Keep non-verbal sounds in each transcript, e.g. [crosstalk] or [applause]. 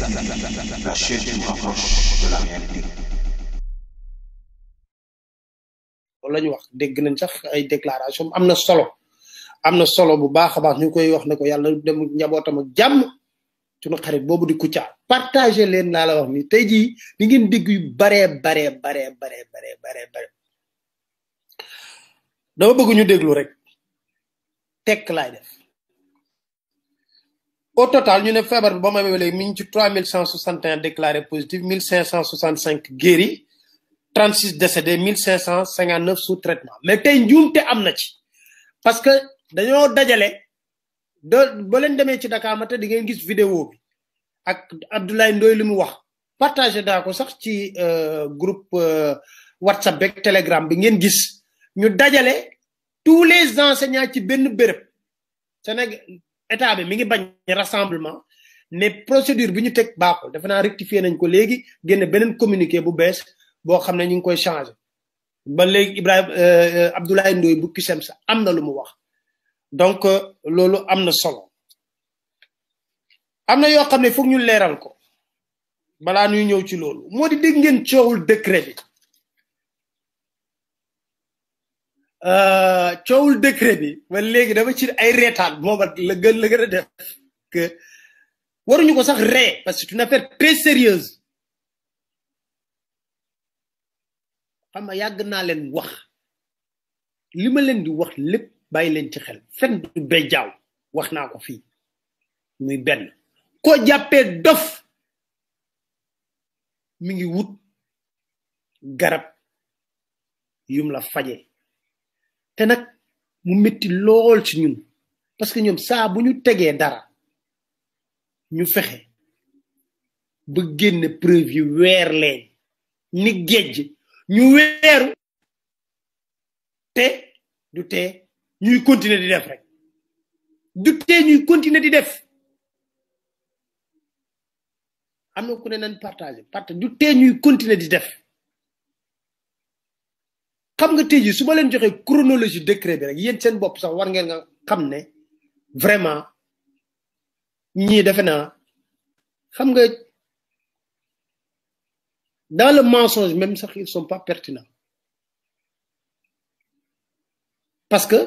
TV, la chaîne wax dëgg nañ sax ay déclaration am na solo am na solo bu baax a baax ñu koy wax na ko yàlla dem njabootam ak jàmm suñu xarit boobu di Kouthia partagé leen laa la wax ni tey jii di ngeen digg yu baree baree baree baree baree baree dama bëgg ñu rek tekk laay def au total ñu né fièvre bi 3161 déclarés positifs 1565 guéris 36 décédés 1559 sous traitement mais tay njumté amna ci parce que dañu dajalé do bo len démé ci Dakar ma té di ngeen gis vidéo Abdoulaye Ndoye limu wax Partagez dako sax ci euh, groupe euh, WhatsApp bek Telegram bi ngeen gis ñu dajalé tous les enseignants ci benn bërepp Sénégal état bi mi ngi bañ rassemblement mais procédure bi ñu teg baaxul defe naa rectifier nañ ko léegi génne beneen communiqué bu bees boo xam ne ñu ngi koy changer ba léegi euh, euh, Abdoulaye ndoy bu kisem sa am na lu mu wax donc euh, loolu am na solo am na yoo xam ne foog ñu leeral ko balaa ñuy ñëw ci loolu moo di dégg ngeen coowul décret bi Euh, coowul décret bi ba léegi dama ci ay reetaan moom la gën la gën a def que waruñu ko sax ree parce que c'est une affaire très sérieuse xam a yàgg naa leen wax li ma leen di wax lépp bàyyi leen ci xel fen du bay wax naa ko fii muy benn koo jàppee dof mi ngi wut garab yum la faje te nag mu métti lool ci ñun parce que ñoom saa bu ñu tegee dara ñu fexe ba génn preuve yi weer leen ni géej ñu weeru te du te ñuy continuer di def rek du tee ñuy continuer di def am na ku ne nañ partager partage du tee ñuy continuer di def xam nga tey jii su ma leen joxee chronologie décret bi rek yéen seen bopp sax war ngeen nga xam ne vraiment ñii defe naa xam nga dans le mensonge même sax ils sont pas pertinents parce que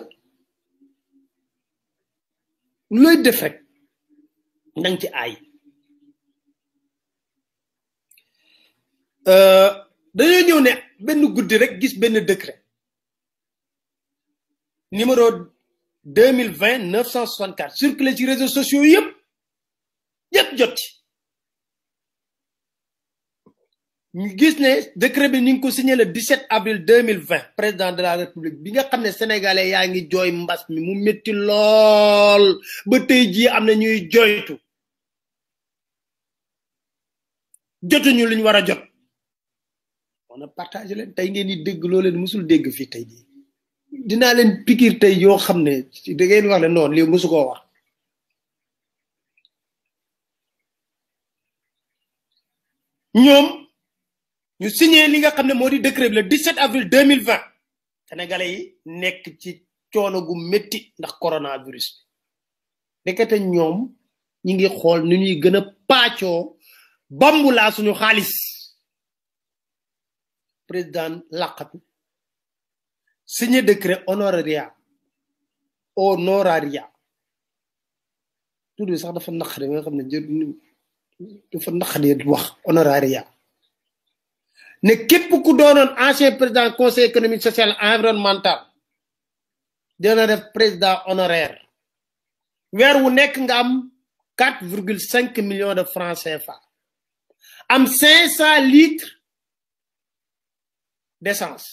looy def rek na nga ci aay euh, dañoo ñëw ne benn guddi rek gis benn décret numéro 2020-964 sur les réseaux sociaux yëpp yëpp jot gis décret bi ko signé le 17 avril 2020 président de la république bi nga xam ne sénégalais yaa ngi jooy mbas mi mu métti lool ba tey jii am na ñuy joytu jotuñu ñu war a jot. on leen tey ngeen di dégg loo leen mosul dégg fii tey jii dinaa leen pikir tey yoo xam ne da ngeen wax ne noonu lii mosu koo wax ñoom ñu signé li nga xam ne moo di décret bi le 17 avril 2020 sénégalais yi nekk ci coono gu metti ndax coronavirus bi ndekete ñoom ñi ngi xool nu ñuy gën a paacoo xaalis président laqatu signé décret honoraria honoraria tudu sax dafa naqari nga xamne ni dafa naqari wax honoraria ne képp ku doonoon ancien président conseil économique social environnemental dina def président honoraire weer wu nek nga am 4,5 millions de francs CFA am 500 litres d'essence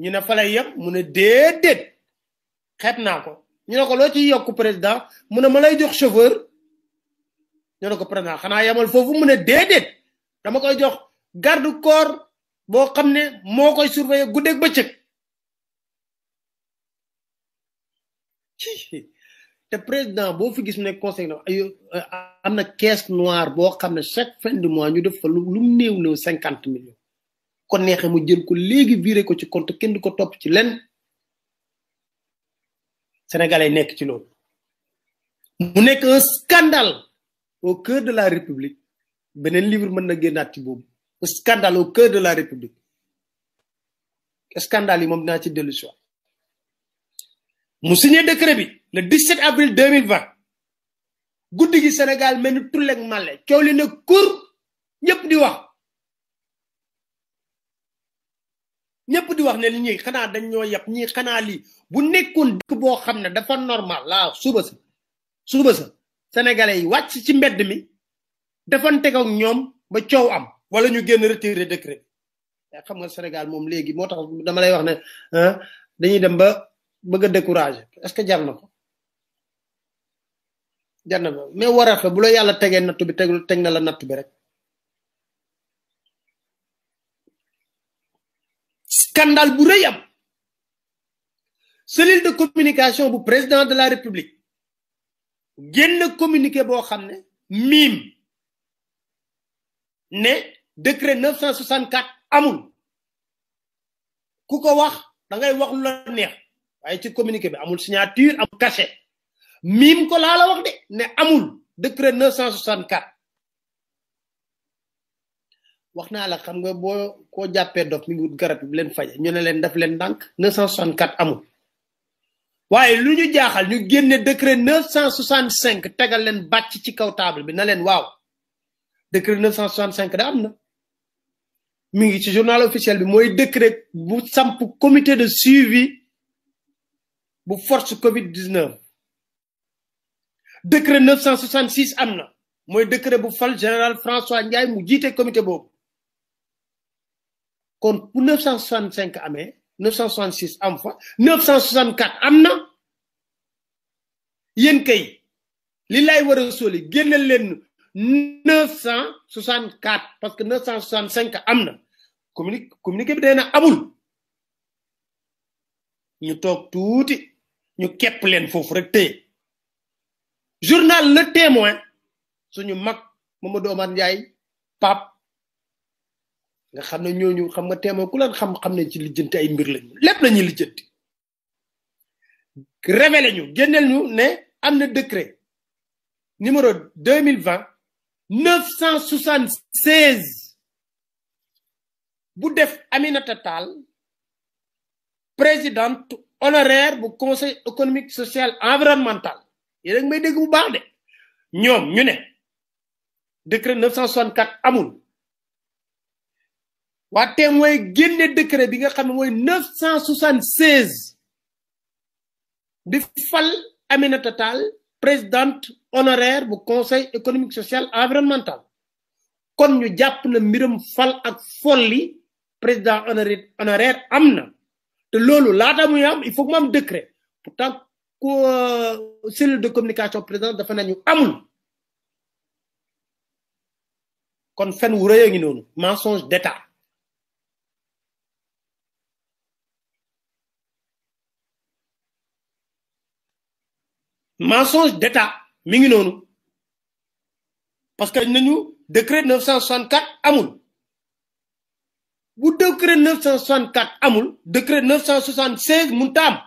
ñu ne fa lay mu ne déedéet xeet naa ko ñu ne ko président mu ne ma lay jox chauffeur ñu ne ko président xanaa yemal foofu mu ne dama garde corps boo xam ne koy surveiller [laughs] président boo fi gis conseil euh, caisse noire boo chaque fin de mois ñu def lu millions kon neexee mu jël ko léegi viré ko ci compte kenn du ko topp ci lenn sénégalais nekk ci loolu mu nekk un scandale au cœur de la république beneen livre mën na génnaat ci boobu un scandale au cœur de la république scandale yi moom dinaa ci dellu si waat mu signé décret bi le 17 avril 2020 guddi gi Sénégal mel ni tulleeg màlle coow li ne kur ñëpp di wax ñepp di wax ne ñi xana dañ ñoo yap ñi xana li bu nekkun dëkk boo xam ne dafa normal la suba sa suba sa sénégalais yi wàcc ci mbedd mi defante ak ñoom ba coow am wala ñu génn retiré décret ya xam nga sénégal moom léegi moo tax dama lay wax ne dañuy dem ba bëgg a décourager est ce que jar na ko jar na mais war a bu la yàlla tegee natt bi teg na la natt bi rek scandale bu am cellule de communication bu président de la république genn communiqué bo xamné mim né décret 964 amul kuko wax da ngay wax lu la ci communiqué bi amul signature am cachet mim ko la la wax dé ne amul décret 964 waxna la xam nga bo ko jappé dof mi ngi wut garab bi len leen faje ñu ne len daf len dank 964 amul waye luñu jaaxal ñu génné décret 965 tégal len bàcc ci kaw table bi na len waw décret 965 da amna mi ngi ci journal officiel bi moy décret bu samp comité de suivi bu force Covid 19 décret 966 amna moy décret bu fal général François Ndiaye mu jité comité boobu. kon bu 965 amee 966 am fa 964 am na yéen kay li lay war a sóoli génneel leen 964 parce que cent 965 am na communi communiqué bi day na amul ñu toog tuuti ñu kepp leen foofu rek téye journal Le Témoin suñu mag Mamadou Omar Ndiaye Pape. nga avons ne ñooñu xam nga ku xam ay mbir lañu lépp ñu décret numéro 2020 976 bu Aminata présidente honoraire du conseil économique social environnemental yéen a ngi may dégg bu baax de ñoom ñu décret 964 waaye moy génne décret bi nga xamné ne 976 fal Aminata Tall présidente honoraire du conseil économique social environnemental kon ñu japp le numéro fal ak folli président honoraire honoraire Amna te laata muy am il faut que mu am décret pourtant ko euh, cellule de communication président dafa nañu amul kon fen wu a ngi mensonge d'état mensonge d'État mi parce que nañu décret 964 amul bu décret 964 amul décret 976 Moutam.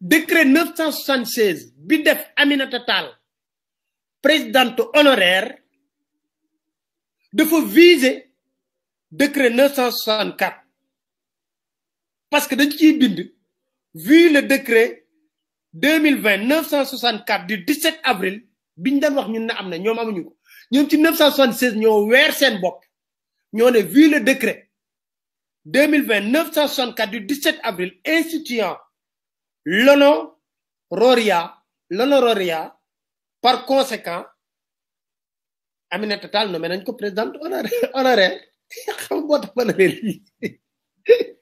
décret 976 bi def Aminata présidente honoraire dafa viser décret 964 parce que dañ ci vu le décret 2020 964 du 17 avril biñ avons vu le décret 2020 964 du 17 avril instituant l'honoraria roria. par conséquent amina tatal nomé nañ président honoraire [laughs] [laughs]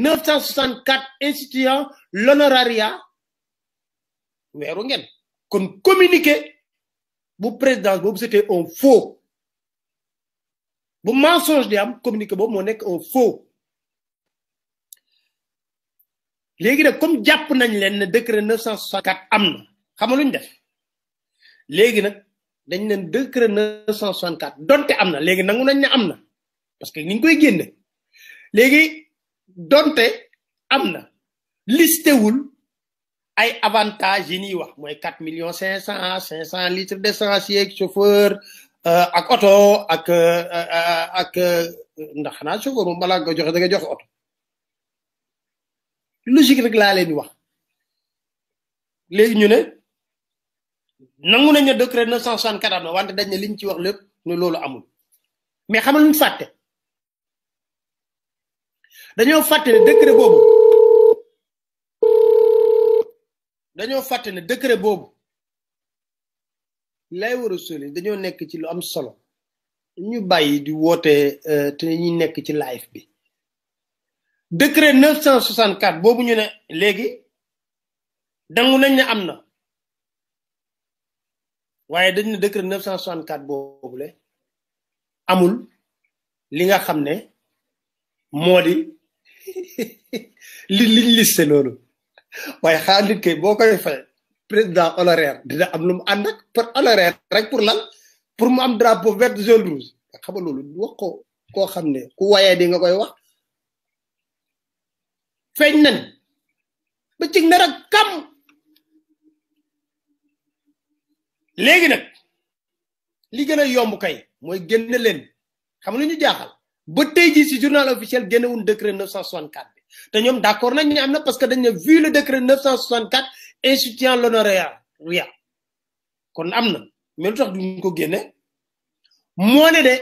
964 instituant l'honorariat weeru ngeen kon communiqué bu présidence boobu c'était un faux bu mensonge di am communiqué boobu moo nekk un faux légui nag comme japp nañ len ne décret 964 amna xam luñ def légui nak dañ len décret 964 donté amna légui nangu nañ ne amna parce que ni ngui koy génne légui donte amna listé wul ay avantages yi wax moy quatre millions cinq cent litres d'essence yeeg chauffeur euh, ak auto ak euh, euh, ak ndax na chauffeur moom balaa nga joxe da nga joxe auto logique rek la leen wax légui ñu né nangu nañ décret neuf cent am wante dañ né liñ ci wax lepp ne lolu amul mais xamal ñu faté dañoo fàtte ne boobu dañoo fàtte ne décret boobu lay war a soli dañoo nekk ci lu am solo ñu bàyyi di woote euh, te ñi nekk ci live bi décret 964 boobu ñu ne léegi dangu nañ ne am na waaye dañ ne décret 964 boobu le amul li nga xam ne moo di [laughs] li liñ liste loolu waaye xaar nit boo koy fay président honoraire dina am lu mu ànd ak pour honoraire rek pour lan pour mu am drapeau vert jaune rouge xam nga loolu wax ko koo xam ne ku wayee di nga koy wax feeñ nañ ba cig na rek kam léegi na li gën a yomb kay mooy génn leen xam lu ñu jaxal ba tey ji ci journal officiel un décret 964 bi te ñoom d' accord nañ parce que dañ ne vu le décret 964 instituant l'honorariat kon am na mais lu tax duñ ko génne moo ne de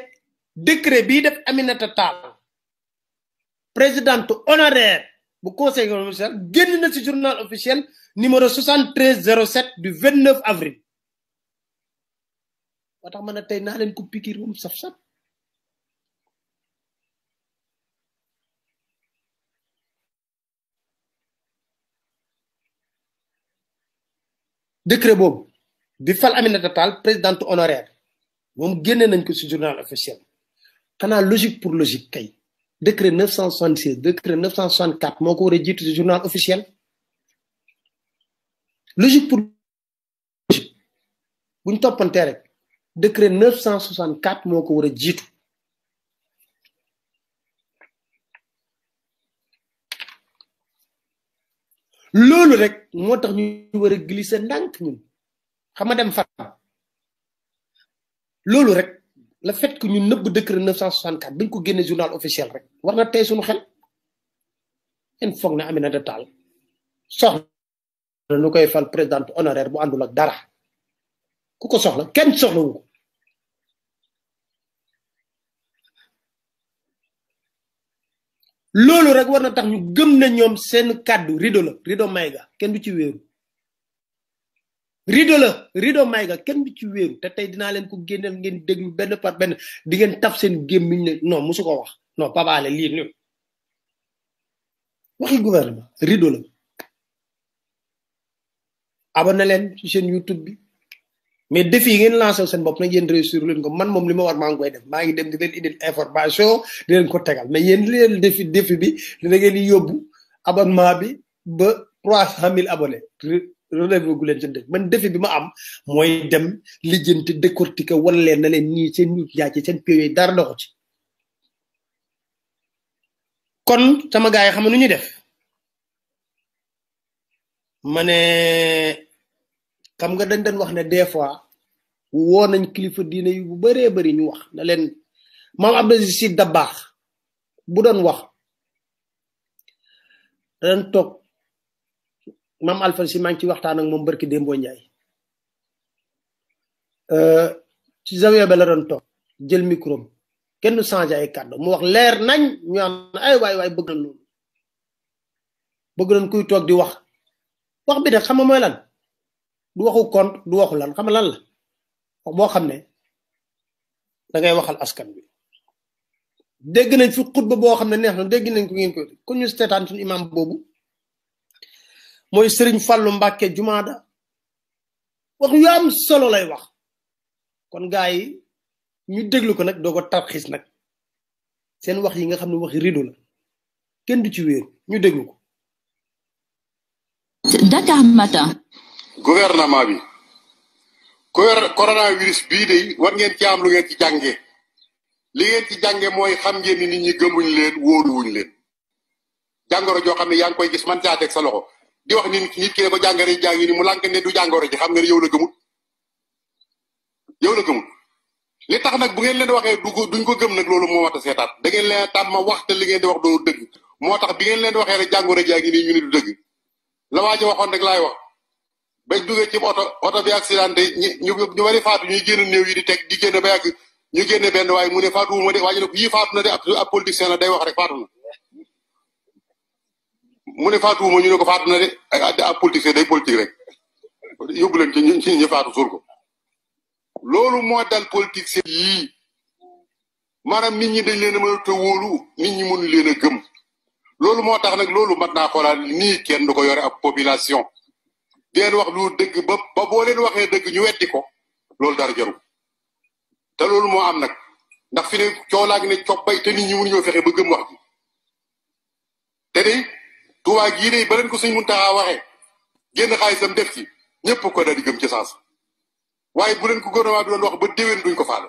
décret bii def Aminata Tall présidente honoraire bu conseil économique un génn na ci journal officiel numéro 7307 du 29 avril. moo tax ma ne tey naa leen ko pikiir moom saf-saf. décret boobu bi fal présidente honoraire moom génne nañ ko journal officiel xanaa logique pour logique kay décret 976 décret 964 moo ko war a journal officiel logique pour logique bu toppantee rek décret 964 moo ko war loolu rek moo tax ñu war a glisser ndànk ñun xam nga dem fan loolu rek le fait que ñu nëbb décret 964 bañ ko génne journal officiel rek war na tey suñu xel in foog ne Aminata Tall soxla nu koy fal présidente honoraire bu àndul ak dara ku ko soxla kenn soxlawu ko loolu rek war na tax ñu gëm na ñoom seen kàddu rido la rido ga kenn du ci wéeru rido la rido mayga kenn bu ci wéeru te tey dinaa leen ko génneel ngeen déglu benn par benn di ngeen taf seen gémmiñ ne noo musu ko wax non pabaale lii nii waxi gouvernement rido la abonné leen ci seen YouTube bi mais défi yi ngeen lancé seen bopp nag yéen réussir leen ko man moom li ma war maa ngi koy def maa ngi dem di leen indil information di leen ko tegal mais yéen leen défi défi bi dina bi ba trois cent mille abonnés leen seen def man bi ma am mooy dem lijjanti décortiquer wan leen na leen ñii seen ñuut yaa ci seen péw dara doxu ci kon sama gars yi xam nu ñuy def ma xam nga dañ dañ wax ne des fois woo nañ kilifa diine yu bëree bëri ñu wax na leen maam abdou si da baax bu doon wax dañ toog mam alpha si maa ngi ci waxtaan ak moom barki démboo njaay euh, ci zawiya ba la doon toog jël micro kenn du changé ay kàddu mu wax leer nañ ñu am ay waay waay bëgg nañ loolu bëgg nañ kuy toog di wax wax bi de xam nga mooy lan du waxu compte du waxu lan xam lan la boo xam ne dangay waxal askan bi dégg nañ fi ba boo xam ne neex na dégg nañ ko ngeen ko kon ñu seetaan suñu imam boobu mooy sëriñ Fàllu Mbàkke jumaada wax yu am solo lay wax kon gaa yi ñu déglu ko nag doo ko tarxis nag seen wax yi nga xam ne waxi rido la kenn du ci wéeru ñu déglu ko Dakar Matin gouvernement bi coronavirus bii de war ngeen ci am lu ngeen ci jànge li ngeen ci jànge mooy xam ngeen ni nit ñi gëmuñ leen wóoluwuñ leen jàngoro joo xam ne yaa ngi koy gis man caa teg sa loxo di wax ni nit ki ba jàngare ji mu lànk ne du jàngoro ji xam nga ne yow la gëmut yow na gëmut li tax nag bu ngeen leen waxee du ko duñ ko gëm nag loolu moo a seetaat da ngeen leen tam ma waxte li ngeen di wax doonu dëgg moo tax bi ngeen leen di waxee rek jàngoro jaa ak ni ñu ne du dëgg la waa ji waxoon rek laay wax bañ duggee ci oto oto bi accidenté ñu ñu bari faatu ñuy génn néew yi di teg di génn ba yàgg ñu génne benn waaye mu ne faatu wu ma de waaye nag yii faatu na de ab politicien la day wax rek faatu na mu ne faatu wu ma ñu ne ko faatu na de ab politicien day politique rek yóbbu leen ci ñu ci ñu faatu suul ko loolu moo dal politicien yii maanaam nit ñi dañ leen a mënut a wóolu nit ñi mënu leen a gëm loolu moo tax nag loolu mat naa xoolaat nii kenn du ko yore ab population di leen wax lu dëgg ba ba boo leen waxee dëgg ñu wetti ko loolu dara jaru te loolu moo am nag ndax fi ne coow laa ngi ne cobbay te nit ñi mënuñoo fexe ba gëm wax ji te de tubaab gii de ba leen ko suñ mun taxaa waxee génn xaalisam def ci ñëpp ko daal di gëm ci saas waaye bu leen ko gouvernement bi doon wax ba déwén duñ ko faale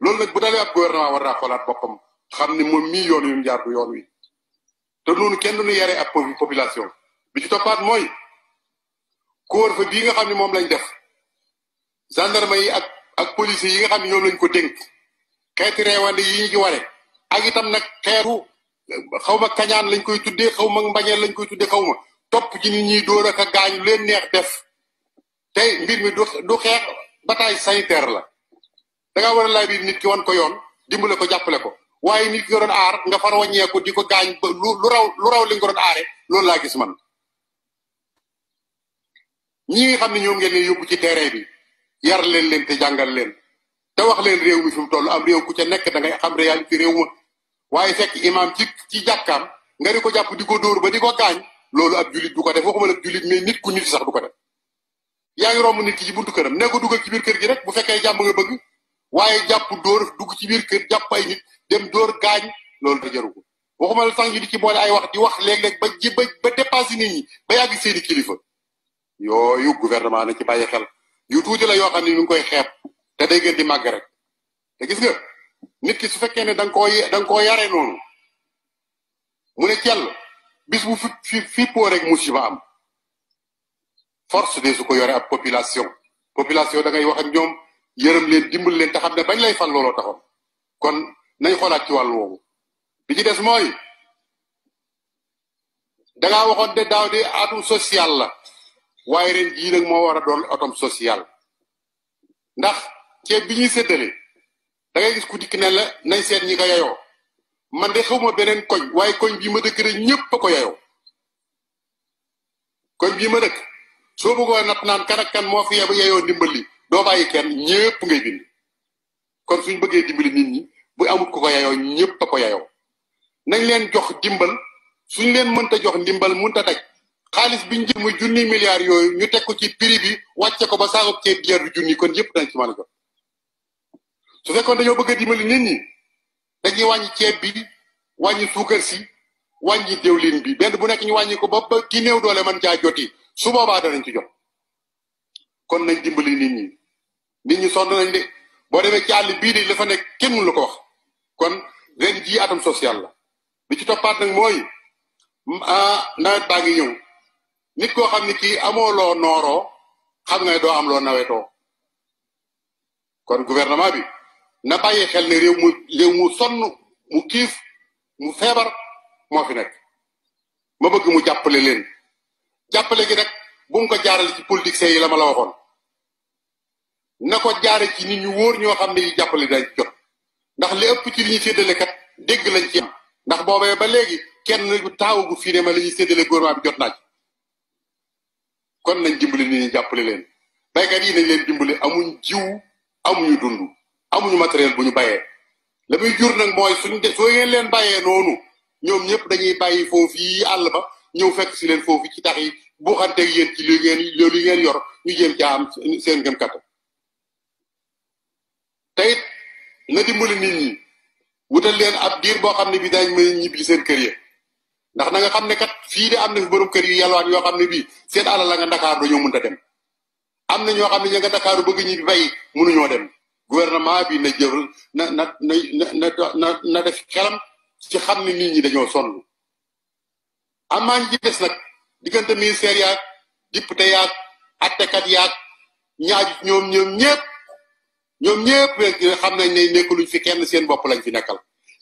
loolu nag bu dalee ab gouvernement war naa xoolaat boppam xam ne moom mii yoon yu mu jaar du yoon wi te noonu kenn du yare yaree ab population bi ci couvre-feu bii nga xam ne moom lañ def gendarme yi ak ak policiers yi nga xam ne lañ ko dénk xeeti reewande yi ñu ci ak itam nag xeetu xaw ma kañaan lañ koy tuddee xaw ma mbañeel lañ koy tuddee xaw ma topp ci nit ñi dóor a gaañ leen neex def tey mbir mi du du xeex bataille sanitaire la da ngaa war a laaj nit ki wan ko yoon dimbale ko jàppale ko waaye nit ki nga doon aar nga far wàññeeku di ko gaañ ba lu raw lu raw aare loolu laa gis man. ñi nga xam ne ñoom ngeen leen yóbbu ci terrain bi yar leen leen te jàngal leen te wax leen réew mi fi mu toll am réew ku ca nekk da ngay xam réalité réew ma waaye fekk imaam ci ci jàkkaam nga di ko jàpp di ko dóor ba di ko gaañ loolu ab julit du ko def waxuma la julit mais nit ku nit sax du ko def yaa ngi romb nit ki ci buntu këram ne ko duggal ci biir kër gi rek bu fekkee jàmm nga bëgg waaye jàpp dóor dugg ci biir kër jàpp ay nit dem dóor gaañ loolu da jaru ko waxuma la sax ñu di ci boole ay wax di wax léeg-léeg ba ji ba ba dépassé nit ñi ba yàgg seeni kilifa yooyu gouvernement na ci bàyyi xel yu tuuti la yoo xam ne ñu koy xeeb te day gën di màgg rek te gis nga nit ki su fekkee ne da nga koo da koo yare noonu mu ne cell bis bu fi fippoo rek musiba am force de su ko yore ab population population da ngay wax ak ñoom yërëm leen dimbal leen te xam ne bañ lay fal looloo taxoon kon nañ xoolaat ci wàllu woowu bi ci des mooy da ngaa waxoon de daaw di atum social la waaye ren jii nag moo war a doon otom social ndax ceeb bi ñuy séddale dangay gis ku dikk ne la nañ seet ñi ko yayoo man de xawma beneen koñ waaye koñ bii ma dëkk rek ñëpp a ko yayoo ma dëkk soo bëggoo nat naan kan kan moo fi yeba yayoo ndimbal li doo bàyyi kenn ñëpp ngay bind kon suñ bëggee dimbali nit ñi bu amut ko ko yayoo ñëpp ko yayoo nañ leen jox dimbal suñ leen mënta jox ndimbal mënta daj xaalis bi jël muy junni milliards yooyu ñu teg ko ci prix bi wàcce ko ba saaxob ceeb jeer du junni kon yëpp dañ ci mën a jot su fekkoon dañoo bëgg a dimbali nit ñi dañuy wàññi ceeb bi wàññi suukar si wàññi diwlin bi benn bu nekk ñu wàññi ko ba ba ki doole mën caa joti su boobaa danañ ci jot kon nañ dimbali nit ñi nit ñi sonn nañ de boo demee ci àll bii de dafa nekk kenn mënu la ko wax kon ren ji atam social la bi ci toppaat nag mooy ah nawet ngi ñëw nit ko xam ne kii amoo loo nooroo xam nga ne doo am loo nawetoo kon gouvernement bi na bàyyi xel ne réew mu réew mu sonn mu kiif mu feebar moo fi nekk ma bëgg mu jàppale leen jàppale gi nag bu ko jaarale ci politiciens yi la ma la waxoon na ko jaare ci nit ñu wóor ñoo xam ne yi jàppale dañ jot ndax li ci li ñu séddale kat dégg lañ ci am ndax boobee ba léegi kenn taawu gu taaw fii ne ma la ñuy séddale gouvernement bi jot naa ci kon nañ dimbali nit ñi jàppale leen baykat yi nañ leen dimbali amuñ jiw amuñu dund amuñu matériel bu ñu bayee la muy jur nag mooy suñ soo ngeen leen bayee noonu ñoom ñëpp dañuy bàyyi foofu yi àll ba ñëw fekk si leen foofu ci tax yi bu xanteeg yéen ci li ngeen loolu yi ngeen yor ñu jéem caa am seen gëm kattan te it na dimbali nit ñi wutal leen ab diir boo xam ne bi daañ mën ñibbi seen kër yi ndax na nga xam ne kat fii de am na fi borom kër yi yalwaan yoo xam ne bii seen ala la nga do ñoo mënta dem am na ñoo xam ne ña nga ndakaaru bëgg ñi bay ñoo dem gouvernement bi na jël na na na na na na def xelam ci xam ne nit ñi dañoo sonn amaan ji des nag diggante ministère yaag député yaag attekat yaag ñaaj ñoom ñoom ñëpp ñoom ñëpp xam nañ ne nekkuluñ fi kenn seen bopp lañ fi nekkal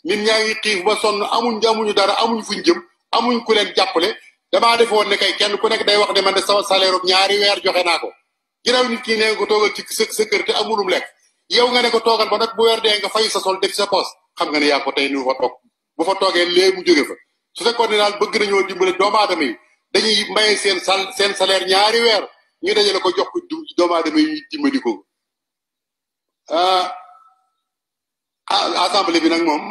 nit ñaa ngi xiif ba sonn amuñ amuñu dara amuñ fuñ jëm amuñ ku leen jàppale damaa woon ne kay kenn ku nekk day wax ne man de sama salaire ñaari weer joxe naa ko ginnaaw nit ñi nee ko toogal ci sa sa lekk yow nga ne ko toogal ba nag bu weer dee nga fay sa sol def sa poos xam nga ne yaa ko tey nu fa toog bu fa toogee lee mu jóge fa su fekkoon ne daal bëgg nañoo dimbale doomu aadama yi dañuy maye seen sal seen salaire ñaari weer ñu dajale ko jox ko doomu aadama yi dimbali ko ah ah assemblée bi nag moom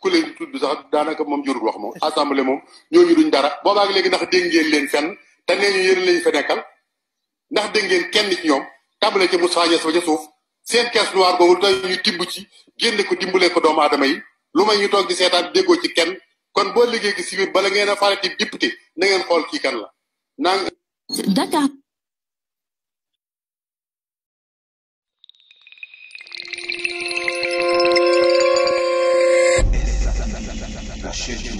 ku leen tudd sax daanaka moom jurul wax moom assemblée moom ñooñu duñ dara boobaag léegi ndax dégg ngeen leen fen te nee ñu yéen lañu fa nekkal ndax dégg ngeen kenn ci ñoom tàmbale ca Moussa Niass ba ca suuf seen caisse noire boobu tey ñu tibb ci génne ko dimbale ko doomu aadama yi lu may ñu toog di seetaan déggoo ci kenn kon boo liggéey gi si biir bala ngeen a farati député na ngeen xool kii kan la naa. Dakar. 确定。